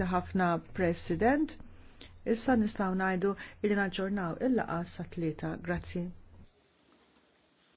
Grazzi ħafna President. Issa nistgħu ngħidu li naġġornaw il-laqgħa sa tlieta. Grazzi.